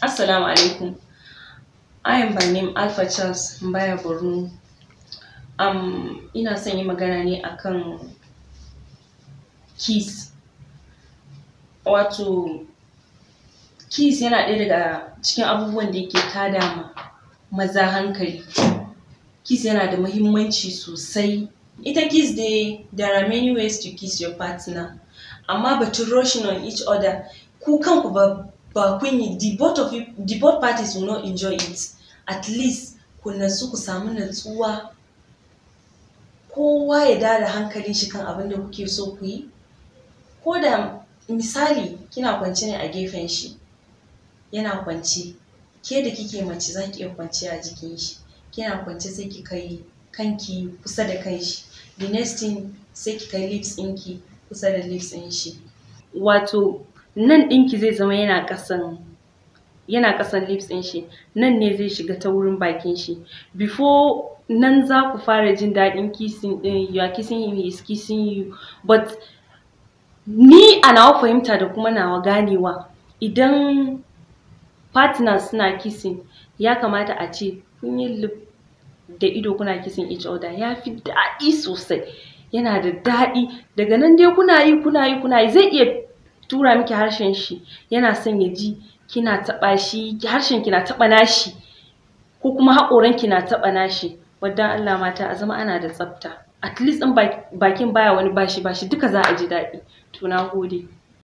Assalamu alaikum. I am by name Alpha Charles Mbaya Borno. Um, ina son yi magana ne akan kiss. Wato kiss yana ɗaya daga cikin abubuwan da yake tada ma maza hankali. Kiss yana da muhimmanci sosai. Ita kiss dai there are many ways to kiss your partner. Amma batun rushing on each other ku kanku ba ba kun yi the both the both parties will not enjoy it at least ku natsu ku samu natsuwa kowa ya dara hankalin shi kan abin da kuke so ku yi ko da misali kina kwance ne a gefen shi yana kwance ke da kike mace za ki kwance a jikin shi kina kwance sai ki kai kanki kusa da kai shi the next thing sai ki kai lips ɗinki kusa da lips ɗin shi wato nan ɗinki zai zama yana ƙasan yana ƙasan lips ɗin shi nan ne zai shiga ta wurin bakin shi before nan za ku fara jin daɗin kissing ɗin eh, you are kissing him he is kissing you but ni a nawa fahimta da kuma nawa ganewa idan partner suna kissing ya kamata a ce kun yi lip da ido kuna kissing each other ya fi daɗi sosai yana da daɗi daga nan dai kuna yi kuna yi kuna yi zai iya tura miki harshen shi yana son ya ji kina taɓa shi harshen kina taɓa nashi ko kuma haƙoran kina taɓa nashi wadda Allah mata a zama ana da tsafta at least in bakin baya wani bashi bashi duka za a ji daɗi to na gode